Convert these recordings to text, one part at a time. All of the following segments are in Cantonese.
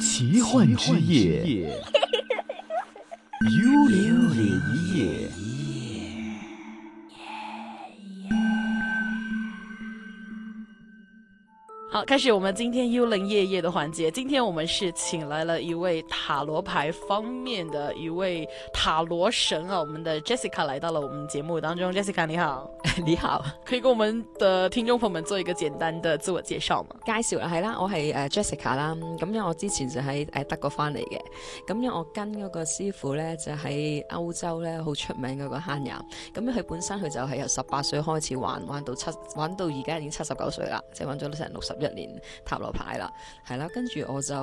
奇幻之夜， 幽靈。開始我們今天幽靈夜夜的環節，今天我們是請來了一位塔羅牌方面的一位塔羅神啊，我們的 Jessica 來到了我們節目當中 ，Jessica 你好， 你好，可以跟我們的聽眾朋友們做一個簡單的自我介紹嗎？介紹啦，係啦，我係誒、uh, Jessica 啦，咁樣我之前就喺誒德國翻嚟嘅，咁樣我跟嗰個師傅咧就喺歐洲咧好出名嗰個 handy，咁樣佢本身佢就係由十八歲開始玩，玩到七，玩到而家已經七十九歲啦，即係玩咗成六十一年塔羅牌啦，係啦，跟住我就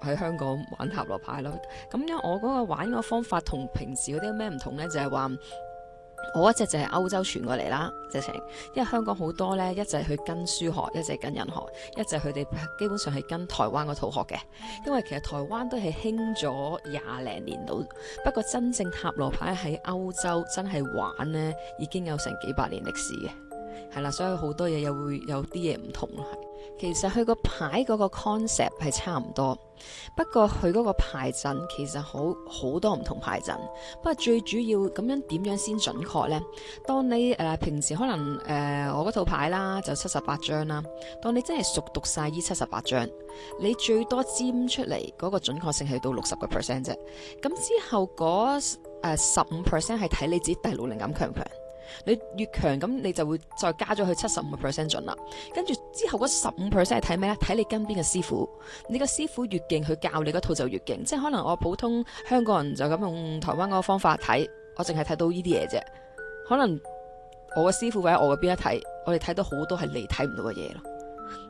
喺香港玩塔羅牌咯。咁樣我嗰個玩嘅方法同平時嗰啲咩唔同呢？就係話我一隻就係歐洲傳過嚟啦，直情。因為香港好多呢，一就去跟書學，一就跟人學，一就佢哋基本上係跟台灣個套學嘅。因為其實台灣都係興咗廿零年度，不過真正塔羅牌喺歐洲真係玩呢，已經有成幾百年歷史嘅。係啦，所以好多嘢又會有啲嘢唔同。其實佢個牌嗰個 concept 係差唔多，不過佢嗰個牌陣其實好好多唔同牌陣，不過最主要咁樣點樣先準確呢？當你誒、呃、平時可能誒、呃、我嗰套牌啦，就七十八張啦。當你真係熟讀晒呢七十八張，你最多占出嚟，嗰個準確性係到六十個 percent 啫。咁之後嗰誒十五 percent 係睇你自己第六靈感強唔強。你越強咁，你就會再加咗去七十五 percent 進啦。跟住之後嗰十五 percent 係睇咩咧？睇你跟邊個師傅，你個師傅越勁，佢教你嗰套就越勁。即係可能我普通香港人就咁用台灣嗰個方法睇，我淨係睇到呢啲嘢啫。可能我嘅師傅或者我嘅邊一睇，我哋睇到好多係你睇唔到嘅嘢咯。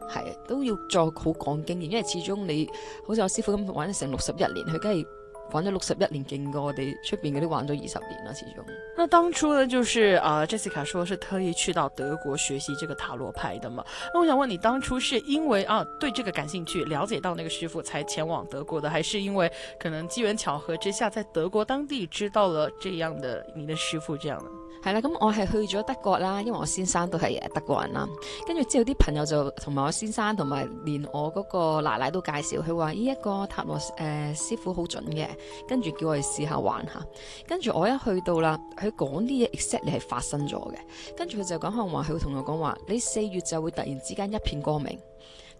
係都要再好講經驗，因為始終你好似我師傅咁玩咗成六十一年，佢梗係。反正六十一年勁過我哋出邊嗰啲玩咗二十年啦，始終。那當初呢，就是啊，呃，Jessica 說是特意去到德國學習這個塔羅牌的嘛。那我想問你，當初是因為啊對這個感興趣，了解到那個師傅，才前往德國的，還是因為可能機緣巧合之下，在德國當地知道了這樣的你的師傅這樣？係啦，咁我係去咗德國啦，因為我先生都係德國人啦，跟住之後啲朋友就同埋我先生，同埋連我嗰個奶奶都介紹，佢話呢一個塔羅誒師傅好準嘅，跟住叫我哋試下玩下，跟住我一去到啦，佢講啲嘢 except 你係發生咗嘅，跟住佢就講可能話，佢會同我講話，你四月就會突然之間一片光明。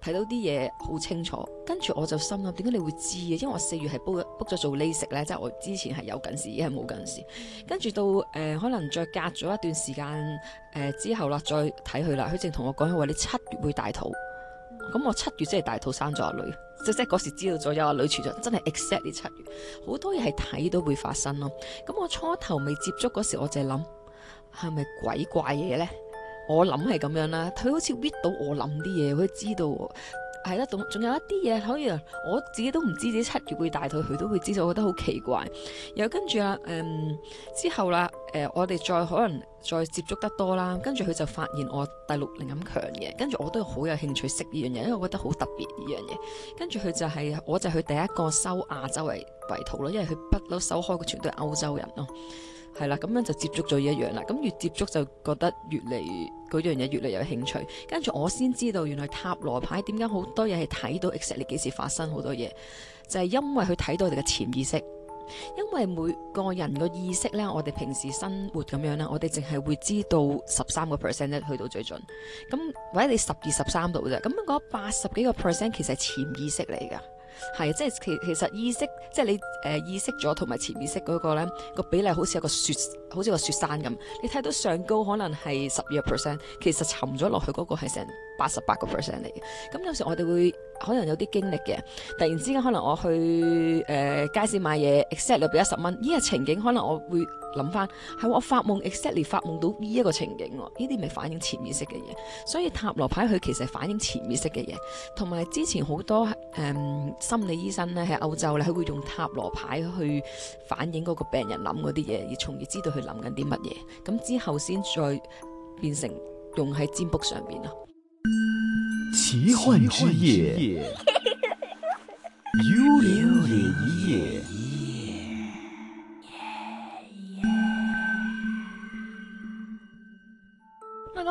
睇到啲嘢好清楚，跟住我就心諗，點解你會知嘅？因為我四月係 book 咗做 laser 咧，即係我之前係有近視，而家冇近視。跟住到誒、呃，可能再隔咗一段時間誒、呃、之後啦，再睇佢啦。佢正同我講，佢話你七月會大肚，咁我七月先係大肚生咗阿女，即即係嗰時知道咗有阿女存在，真係 exactly 呢七月好多嘢係睇到會發生咯。咁我初頭未接觸嗰時，我就係諗係咪鬼怪嘢咧？我諗係咁樣啦，佢好似搣到我諗啲嘢，佢知道，係啦，仲仲有一啲嘢可以，我自己都唔知，自己七月會大肚，佢都會知道，我覺得好奇怪。然後跟住啊，嗯，之後啦，誒、呃，我哋再可能再接觸得多啦，跟住佢就發現我第六靈感強嘅，跟住我都好有興趣識呢樣嘢，因為我覺得好特別呢樣嘢。跟住佢就係、是，我就係佢第一個收亞洲為為徒咯，因為佢不嬲收開嘅全部都係歐洲人咯。係啦，咁樣就接觸咗一樣啦。咁越接觸就覺得越嚟嗰樣嘢越嚟有興趣。跟住我先知道原來塔羅牌點解好多嘢係睇到 exactly 幾時發生好多嘢，就係因為佢睇到我哋嘅潛意識。因為每個人嘅意識呢，我哋平時生活咁樣呢，我哋淨係會知道十三個 percent 咧去到最盡。咁或者你十二十三度嘅啫，咁嗰八十幾個 percent 其實係潛意識嚟噶。係啊，即係其其實意識，即係你誒、呃、意識咗同埋潛意識嗰個咧個比例，好似一個雪，好似個雪山咁。你睇到上高可能係十二 percent，其實沉咗落去嗰個係成。八十八個 percent 嚟嘅，咁有時我哋會可能有啲經歷嘅。突然之間，可能我去誒、呃、街市買嘢，exactly 俾一十蚊呢個情景，可能我會諗返係我發夢，exactly 發夢到呢一個情景喎。呢啲咪反映潛意識嘅嘢，所以塔羅牌佢其實反映潛意識嘅嘢。同埋之前好多誒、嗯、心理醫生咧喺歐洲咧，佢會用塔羅牌去反映嗰個病人諗嗰啲嘢，而從而知道佢諗緊啲乜嘢。咁之後先再變成用喺占卜上邊咯。奇幻之夜， 幽靈夜。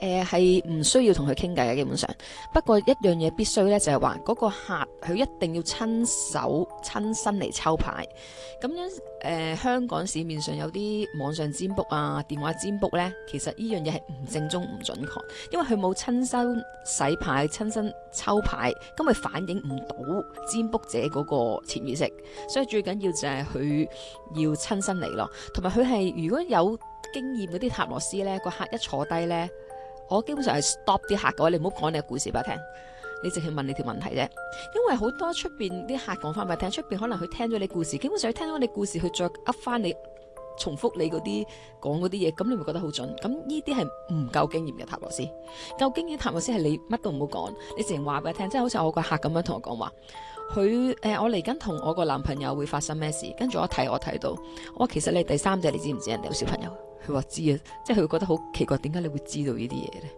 誒係唔需要同佢傾偈嘅，基本上。不過一樣嘢必須呢，就係話嗰個客佢一定要親手親身嚟抽牌。咁樣誒、呃，香港市面上有啲網上占卜啊、電話占卜呢，其實呢樣嘢係唔正宗唔準確，因為佢冇親身洗牌、親身抽牌，咁佢反映唔到占卜者嗰個潛意識。所以最緊要就係佢要親身嚟咯。同埋佢係如果有經驗嗰啲塔羅師呢，個客一坐低呢。我基本上係 stop 啲客嘅話，你唔好講你嘅故事俾我聽，你淨係問你條問題啫。因為好多出邊啲客講翻俾我聽，出邊可能佢聽咗你故事，基本上佢聽到你故事，佢再噏翻你，重複你嗰啲講嗰啲嘢，咁你咪覺得好準。咁呢啲係唔夠經驗嘅塔羅斯，夠經驗塔羅斯係你乜都唔好講，你成日話俾佢聽，即係好似我個客咁樣同我講話，佢誒、呃、我嚟緊同我個男朋友會發生咩事，跟住我睇我睇到，我其實你第三者你知唔知人哋有小朋友？佢話知啊，即係佢會覺得好奇怪，點解你會知道呢啲嘢咧？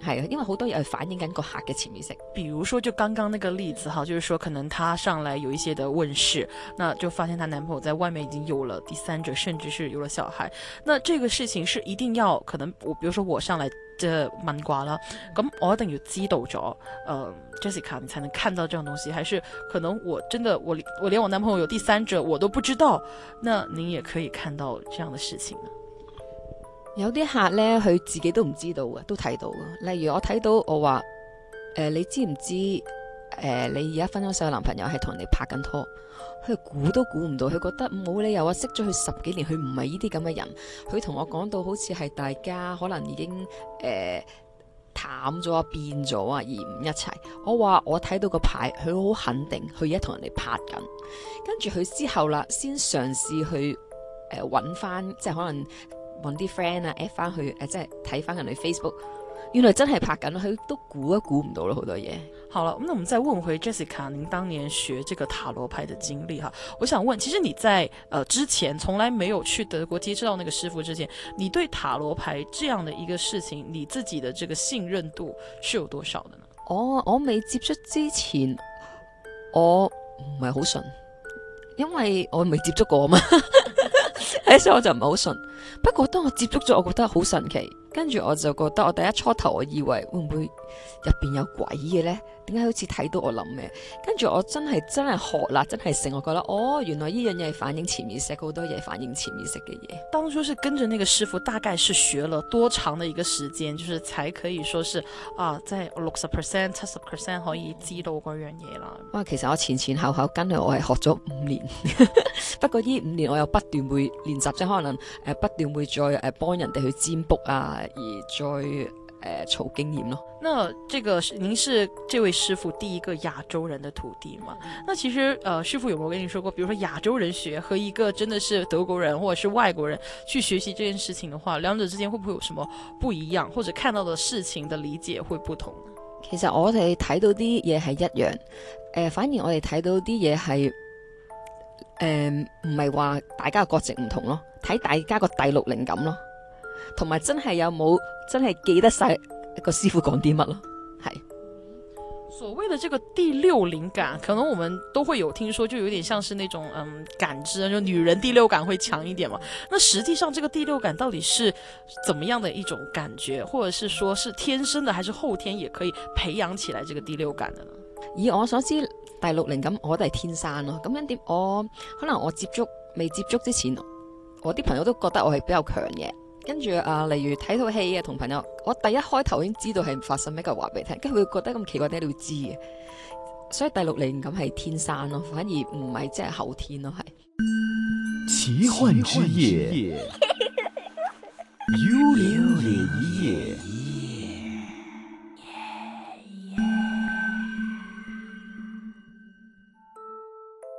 係啊，因為好多嘢係反映緊個客嘅潛意識。比如說，就剛剛那個例子哈，就是說可能她上來有一些嘅問事，那就發現她男朋友在外面已經有了第三者，甚至是有了小孩。那這個事情是一定要可能我，比如說我上來、呃、問卦啦，咁我一定要知道咗、呃、，Jessica 你才能看到這種東西，還是可能我真的我連我連我男朋友有第三者我都不知道，那您也可以看到這樣的事情呢？有啲客呢，佢自己都唔知道嘅，都睇到嘅。例如我睇到，我話誒、呃，你知唔知誒、呃？你而家分咗手嘅男朋友係同人哋拍緊拖，佢估都估唔到，佢覺得冇理由啊！識咗佢十幾年，佢唔係呢啲咁嘅人。佢同我講到好似係大家可能已經誒、呃、淡咗啊，變咗啊，而唔一齊。我話我睇到個牌，佢好肯定，佢而家同人哋拍緊。跟住佢之後啦，先嘗試去誒揾翻，即係可能。問啲 friend 啊 a 翻去誒、呃，即係睇翻人哋 Facebook，原來真係拍緊，佢都估都估唔到咯，好多嘢。好啦，咁，我哋再問回 Jessica 您當年學這個塔羅牌嘅經歷哈。我想問，其實你在誒、呃、之前，從來沒有去德國接觸到那個師傅之前，你對塔羅牌這樣的一個事情，你自己的這個信任度是有多少的呢？哦，我未接觸之前，我唔係好信，因為我未接觸過啊嘛。 所以我就唔係好信，不過當我接觸咗，我覺得好神奇，跟住我就覺得我第一初頭我以為會唔會入邊有鬼嘅呢？點解好似睇到我諗嘅？跟住我真係真係學啦，真係成我覺得哦，原來呢樣嘢係反映潛意識，好多嘢反映潛意識嘅嘢。當初是跟着那個師傅，大概是學了多長的一個時間，就是才可以說是，是啊，即係六十 percent、七十 percent 可以知道嗰樣嘢啦。哇，其實我前前后後跟佢，我係學咗五年。 不過呢五年我又不斷會練習，即可能誒、呃、不斷會再誒幫、呃、人哋去占卜啊，而再。誒儲、呃、經驗咯。那這個，您是這位師傅第一個亞洲人的徒弟嘛？那其實，誒、呃，師傅有冇跟你說過，比如說亞洲人學和一個真的是德國人，或者是外國人去學習這件事情的話，兩者之間會不會有什麼不一樣，或者看到的事情的理解會不同？其實我哋睇到啲嘢係一樣、呃，反而我哋睇到啲嘢係，誒、呃，唔係話大家嘅國籍唔同咯，睇大家個第六靈感咯。同埋真係有冇真係記得晒一個師傅講啲乜咯？係所謂嘅「這個第六靈感」，可能我們都會有聽說，就有點像是那種嗯感知，就女人第六感會強一點嘛。那實際上，這個第六感到底是怎麼樣的一種感覺，或者是說是天生的，還是後天也可以培養起來這個第六感的呢？以我所知，第六靈感我哋係天生咯。咁樣點，我可能我接觸未接觸之前，我啲朋友都覺得我係比較強嘅。跟住啊，例如睇套戲啊，同朋友，我第一開頭已經知道係發生咩，佢話俾你聽，跟住會覺得咁奇怪，點解你會知嘅？所以第六年咁係天生咯，反而唔係即係後天咯，係。奇幻之夜，幽靈 夜。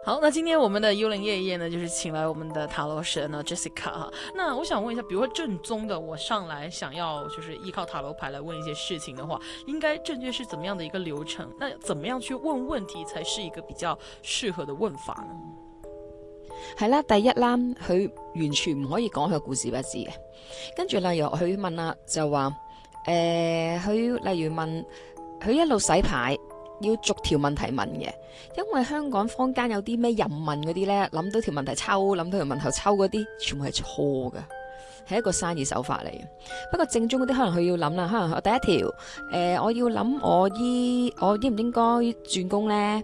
好，那今天我們的幽靈夜夜呢，就是請來我們的塔羅神呢 Jessica。哈，那我想問一下，比如說正宗的，我上來想要就是依靠塔羅牌來問一些事情的話，應該正確是怎麼樣的一個流程？那怎麼樣去問問題才是一個比較適合的問法呢？係啦，第一啦，佢完全唔可以講佢嘅故事不知嘅。跟住例如佢問啦，就話，誒，佢例如問，佢一路洗牌。要逐條問題問嘅，因為香港坊間有啲咩人問嗰啲呢，諗到條問題抽，諗到條問題抽嗰啲，全部係錯㗎，係一個生意手法嚟。不過正宗嗰啲可能佢要諗啦，可能我第一條，誒、呃，我要諗我依我應唔應該轉工呢？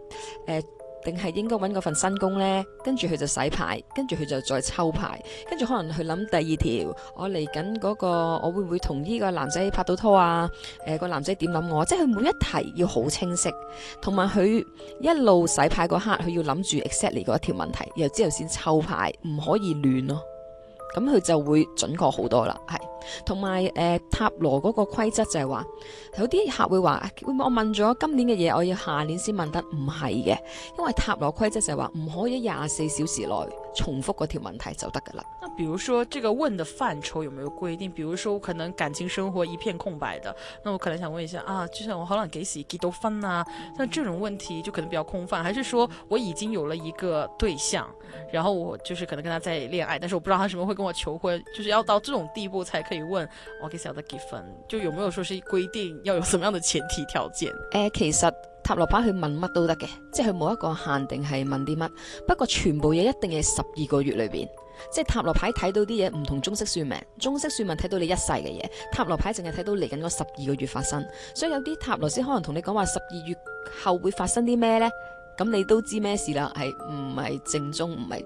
誒、呃。定係應該搵嗰份新工呢？跟住佢就洗牌，跟住佢就再抽牌，跟住可能佢諗第二條，我嚟緊嗰個，我會唔會同呢個男仔拍到拖啊？誒、呃，個男仔點諗我？即係佢每一題要好清晰，同埋佢一路洗牌嗰刻，佢要諗住 exactly 嗰一條問題，然之後先抽牌，唔可以亂咯、啊。咁佢就會準確好多啦，係。同埋誒，塔羅嗰個規則就係話，有啲客會話，我問咗今年嘅嘢，我要下年先問得，唔係嘅，因為塔羅規則就係話，唔可以廿四小時內重複嗰條問題就得噶啦。那比如說，這個問的範疇有沒有規定？比如說，我可能感情生活一片空白的，那我可能想問一下啊，就算我可能幾時結到婚啊，像這種問題就可能比較空泛，還是說我已經有了一個對象，然後我就是可能跟他在戀愛，但是我不知道他什麼會跟我求婚，就是要到這種地步才。可以問我幾時有得結婚，就有沒有說是規定要有什麼樣的前提條件？誒、呃，其實塔羅牌去問乜都得嘅，即係佢冇一個限定係問啲乜。不過全部嘢一定係十二個月裏邊，即係塔羅牌睇到啲嘢唔同中式算命，中式算命睇到你一世嘅嘢，塔羅牌淨係睇到嚟緊嗰十二個月發生。所以有啲塔羅師可能同你講話十二月後會發生啲咩呢？咁你都知咩事啦，係唔係正宗唔係？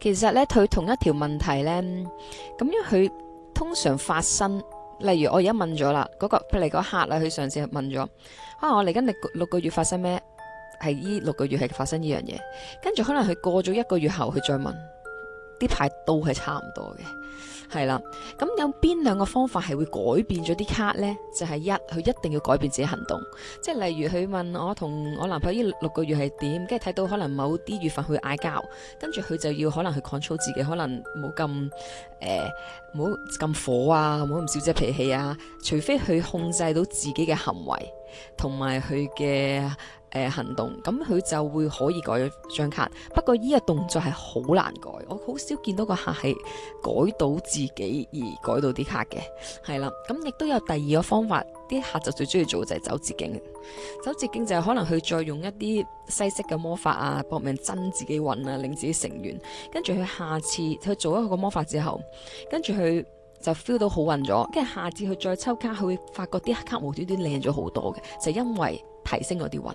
其實咧，佢同一條問題咧，咁樣佢通常發生，例如我而家問咗啦，嗰、譬如嗰個客啦，佢上次問咗，可能我嚟緊六六個月發生咩，係依六個月係發生呢樣嘢，跟住可能佢過咗一個月後，佢再問。啲牌都係差唔多嘅，係啦。咁有邊兩個方法係會改變咗啲卡呢？就係一，佢一定要改變自己行動，即係例如佢問我同我男朋友呢六個月係點，跟住睇到可能某啲月份會嗌交，跟住佢就要可能去 control 自己，可能冇咁誒，冇、呃、咁火啊，冇咁小只脾氣啊，除非佢控制到自己嘅行為同埋佢嘅。誒，行動咁佢就會可以改咗張卡，不過依個動作係好難改。我好少見到個客係改到自己而改到啲卡嘅，係啦。咁亦都有第二個方法，啲客就最中意做就係、係、走捷徑。走捷徑就係可能佢再用一啲西式嘅魔法啊，搏命增自己運啊，令自己成員跟住佢，下次佢做咗個魔法之後，跟住佢就 feel 到好運咗，跟住下次佢再抽卡，佢會發覺啲卡無端端靚咗好多嘅，就係、因為提升咗啲運。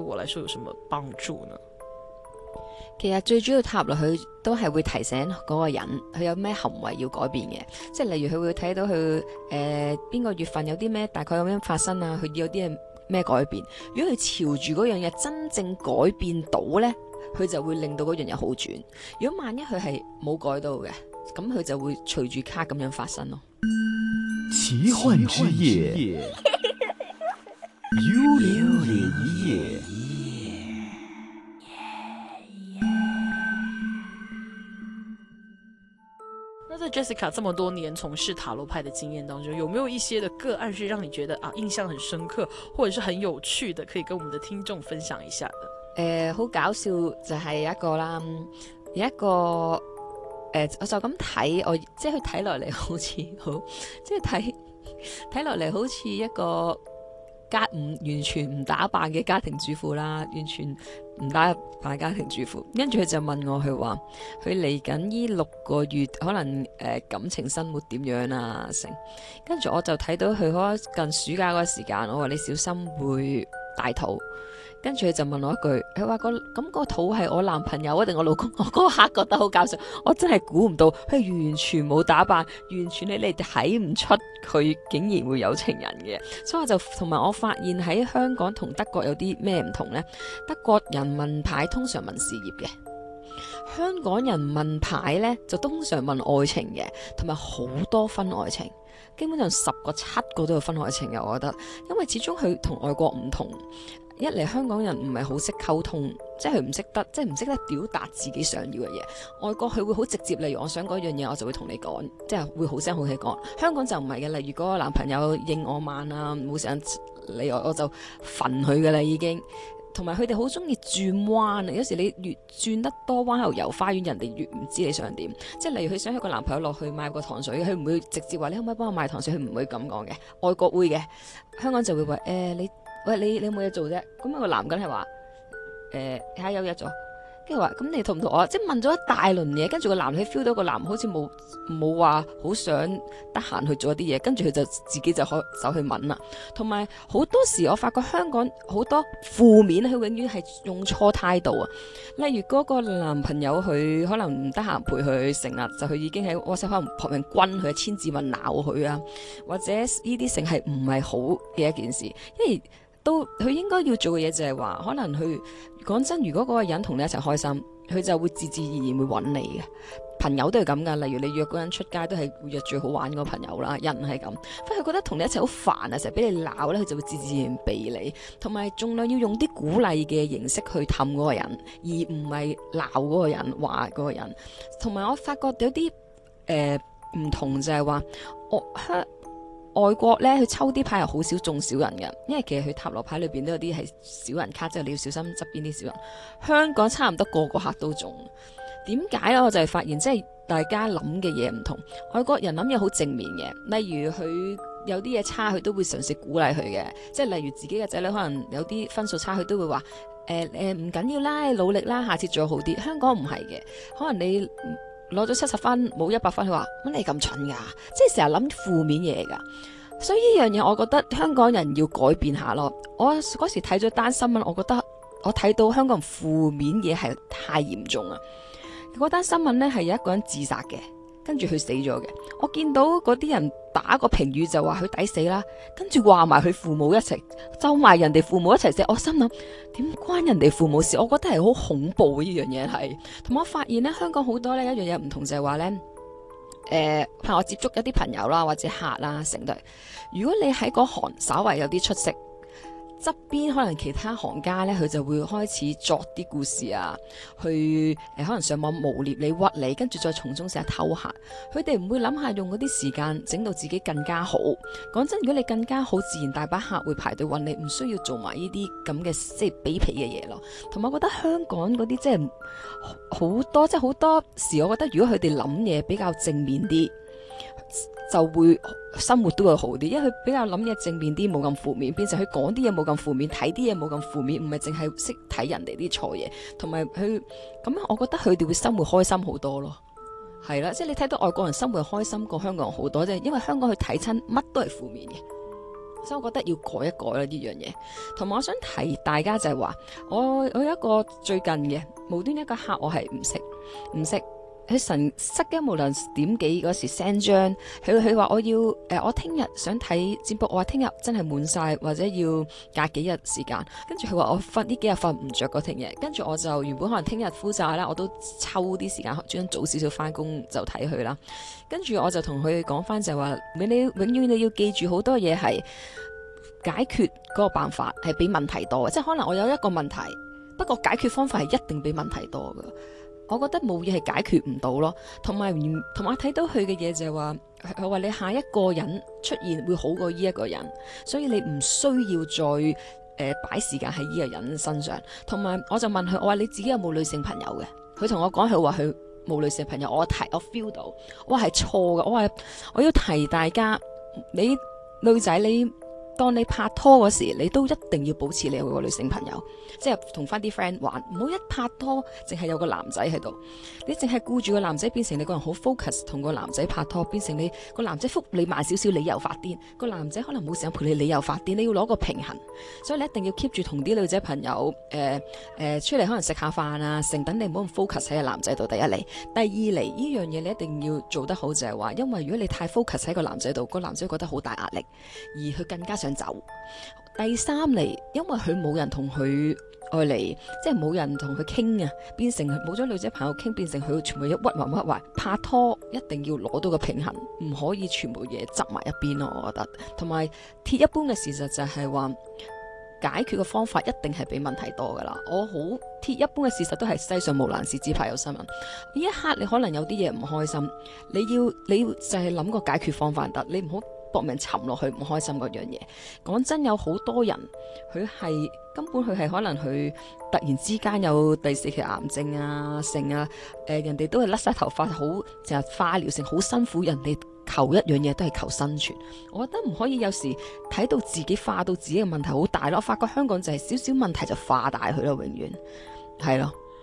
對我來說有什麼幫助呢？其實最主要踏入去都係會提醒嗰個人，佢有咩行為要改變嘅，即係例如佢會睇到佢誒，邊個月份有啲咩大概咁樣發生啊，佢有啲咩改變。如果佢朝住嗰樣嘢真正改變到呢，佢就會令到嗰樣嘢好轉。如果萬一佢係冇改到嘅，咁佢就會隨住卡咁樣發生咯。奇幻之夜，奇幻之夜 幽靈夜。Jessica 這麼多年從事塔羅牌的經驗當中，有沒有一些的個案是讓你覺得啊印象很深刻，或者是很有趣的，可以跟我們的聽眾分享一下？誒、呃，好搞笑就係、是、一個啦、嗯，一個誒、呃，我就咁睇，我即係佢睇落嚟好似好，即係睇睇落嚟好似一個。家唔完全唔打扮嘅家庭主婦啦，完全唔打扮家庭主婦。跟住佢就問我，佢話佢嚟緊呢六個月可能誒、呃、感情生活點樣啊？成跟住我就睇到佢可近暑假嗰個時間，我話你小心會大肚。跟住佢就問我一句，佢話個咁個肚係我男朋友定我老公？ 我嗰刻覺得好搞笑，我真係估唔到佢完全冇打扮，完全你哋睇唔出佢竟然會有情人嘅。所以我就同埋我發現喺香港同德國有啲咩唔同呢？德國人問牌通常問事業嘅，香港人問牌呢就通常問愛情嘅，同埋好多分愛情，基本上十個七個都有分愛情嘅。我覺得，因為始終佢同外國唔同。一嚟香港人唔係好識溝通，即係佢唔識得，即係唔識得表達自己想要嘅嘢。外國佢會好直接，例如我想嗰樣嘢，我就會同你講，即係會好聲好氣講。香港就唔係嘅，例如如果我男朋友應我慢啊，冇時間理我，我就憤佢㗎喇已經。同埋佢哋好鍾意轉彎，有時你越轉得多彎後遊花園，人哋越唔知你想點。即係例如佢想佢男朋友落去買個糖水，佢唔會直接話你可唔可以幫我買糖水，佢唔會咁講嘅。外國會嘅，香港就會話誒、欸、你。喂，你你有冇嘢做啫，咁、個男梗係話，誒、呃，下有日做，跟住話咁你同唔同我？即係問咗一大輪嘢，跟住個男佢 feel 到個男好似冇冇話好想得閒去做啲嘢，跟住佢就自己就可走去問啦。同埋好多時我發覺香港好多負面，佢永遠係用錯態度啊。例如嗰個男朋友佢可能唔得閒陪佢成日，就佢已經喺 WhatsApp 可能搏命軍佢千字文鬧佢啊，或者呢啲成係唔係好嘅一件事，因為。都佢應該要做嘅嘢就係話，可能佢講真，如果嗰個人同你一齊開心，佢就會自自然然會揾你嘅朋友都係咁噶，例如你約嗰人出街都係會約最好玩嗰個朋友啦，人係咁。不過佢覺得同你一齊好煩啊，成日俾你鬧呢，佢就會自自然然避你。同埋盡量要用啲鼓勵嘅形式去氹嗰個人，而唔係鬧嗰個人、話嗰個人。同埋我發覺有啲誒唔同就係話，我、哦外國呢，佢抽啲牌係好少中小人嘅，因為其實佢塔羅牌裏邊都有啲係小人卡，即係你要小心側邊啲小人。香港差唔多個個客都中，點解咧？我就係發現即係大家諗嘅嘢唔同。外國人諗嘢好正面嘅，例如佢有啲嘢差，佢都會嘗試鼓勵佢嘅，即係例如自己嘅仔女可能有啲分數差，佢都會話：誒誒唔緊要啦，努力啦，下次做好啲。香港唔係嘅，可能你，攞咗七十分冇一百分，佢話乜你咁蠢噶，即係成日諗負面嘢噶，所以呢樣嘢我覺得香港人要改變下咯。我嗰時睇咗單新聞，我覺得我睇到香港人負面嘢係太嚴重啦。嗰單新聞呢，係有一個人自殺嘅。跟住佢死咗嘅，我見到嗰啲人打個評語就話佢抵死啦，跟住話埋佢父母一齊，就埋人哋父母一齊死。我心諗點關人哋父母事？我覺得係好恐怖呢樣嘢係。同我發現咧，香港好多咧一樣嘢唔同就係、係、話呢誒，呃、我接觸一啲朋友啦，或者客啦成對，如果你喺嗰行稍為有啲出色。側邊可能其他行家呢，佢就會開始作啲故事啊，去誒可能上網污蔑你屈你，跟住再從中成日偷客。佢哋唔會諗下用嗰啲時間整到自己更加好。講真，如果你更加好，自然大把客會排隊揾你，唔需要做埋呢啲咁嘅即係卑鄙嘅嘢咯。同埋我覺得香港嗰啲即係好多即係好多時，我覺得如果佢哋諗嘢比較正面啲，就會生活都會好啲，因為佢比較諗嘢正面啲，冇咁負面，變成佢講啲嘢冇咁負面，睇啲嘢冇咁負面，唔係淨係識睇人哋啲錯嘢，同埋佢咁樣，我覺得佢哋會生活開心好多咯，係啦。即係你睇到外國人生活係開心過香港人好多，即係因為香港去睇親乜都係負面嘅，所以我覺得要改一改啦呢樣嘢。同埋我想提大家就係話，我我有一個最近嘅無端一個客，我係唔識唔識。佢神塞嘅，無論點幾嗰時 send 張，佢佢話我要誒、呃，我聽日想睇占卜，我話聽日真係滿晒，或者要隔幾日時間。跟住佢話我瞓呢幾日瞓唔着個聽日，跟住我就原本可能聽日負晒啦，我都抽啲時間，專登早少少翻工就睇佢啦。跟住我就同佢講翻就話，你你永遠你要記住好多嘢係解決嗰個辦法係比問題多，即係可能我有一個問題，不過解決方法係一定比問題多噶。我覺得冇嘢係解決唔到咯，同埋同埋睇到佢嘅嘢就係話，佢話你下一個人出現會好過呢一個人，所以你唔需要再誒、呃、擺時間喺呢個人身上。同埋我就問佢，我話你自己有冇女性朋友嘅？佢同我講，佢話佢冇女性朋友。我提，我 feel 到，我話係錯嘅。我話我要提大家，你女仔你。當你拍拖嗰時，你都一定要保持你有個女性朋友，即係同翻啲 friend 玩，唔好一拍拖淨係有個男仔喺度，你淨係顧住個男仔，變成你個人好 focus，同個男仔拍拖，變成你個男仔覆你慢少少，你又發癲，個男仔可能冇時間陪你，你又發癲，你要攞個平衡，所以你一定要 keep 住同啲女仔朋友，誒、呃、誒、呃，出嚟可能食下飯啊，等等，你唔好咁 focus 喺個男仔度。第一嚟，第二嚟，呢樣嘢你一定要做得好就係話，因為如果你太 focus 喺個男仔度，個男仔覺得好大壓力，而佢更加想。走第三嚟，因為佢冇人同佢愛嚟，即係冇人同佢傾啊，變成冇咗女仔朋友傾，變成佢全部嘢屈埋屈埋。拍拖一定要攞到個平衡，唔可以全部嘢執埋一邊咯。我覺得，同埋鐵一般嘅事實就係話，解決嘅方法一定係比問題多噶啦。我好鐵一般嘅事實都係世上無難事，只怕有心人。呢一刻你可能有啲嘢唔開心，你要你，要你要就係諗個解決方法，得你唔好。搏命沉落去唔開心嗰樣嘢，講真有好多人佢係根本佢係可能佢突然之間有第四期癌症啊，成啊，誒、呃、人哋都係甩晒頭髮好，成日化療性好辛苦，人哋求一樣嘢都係求生存。我覺得唔可以有時睇到自己化到自己嘅問題好大咯，我發覺香港就係少少問題就化大佢咯，永遠係咯。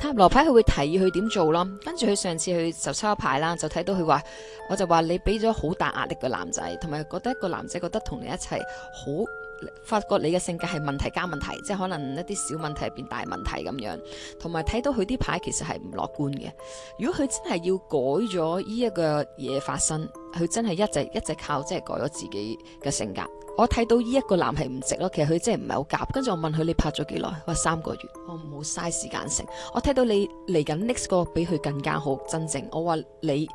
塔羅牌佢會提議佢點做咯，跟住佢上次去抽牌啦，就睇到佢話，我就話你俾咗好大壓力嘅男仔，同埋覺得一個男仔覺得同你一齊好發覺你嘅性格係問題加問題，即係可能一啲小問題變大問題咁樣，同埋睇到佢啲牌其實係唔樂觀嘅。如果佢真係要改咗呢一個嘢發生，佢真係一直一直靠即係改咗自己嘅性格。我睇到呢一個男係唔值咯，其實佢真係唔係好夾。跟住我問佢，你拍咗幾耐，佢話三個月。我唔好嘥時間成。我睇到你嚟緊 next 個比佢更加好真正。我話你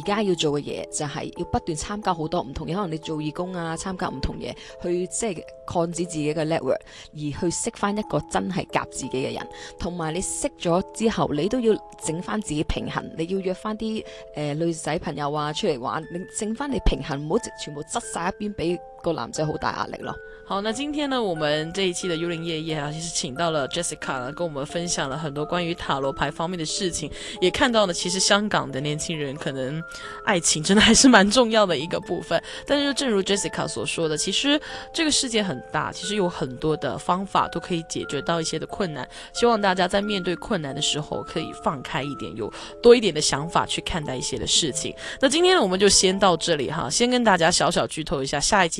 而家要做嘅嘢就係要不斷參加好多唔同嘢，可能你做義工啊，參加唔同嘢去即係擴展自己嘅 network 而去識翻一個真係夾自己嘅人。同埋你識咗之後，你都要整翻自己平衡，你要約翻啲誒女仔朋友啊出嚟玩，你剩翻你平衡，唔好全部側晒一邊俾。個男仔好大壓力咯。好，那今天呢，我們這一期的幽靈夜夜啊，其實請到了 Jessica 呢，跟我們分享了很多關於塔羅牌方面的事情。也看到呢，其實香港的年輕人可能愛情真的還是蠻重要的一個部分。但是就正如 Jessica 所說的，其實這個世界很大，其實有很多的方法都可以解決到一些的困難。希望大家在面對困難的時候可以放開一點，有多一點的想法去看待一些的事情。那今天呢，我們就先到這裏哈啊，先跟大家小小劇透一下下一集。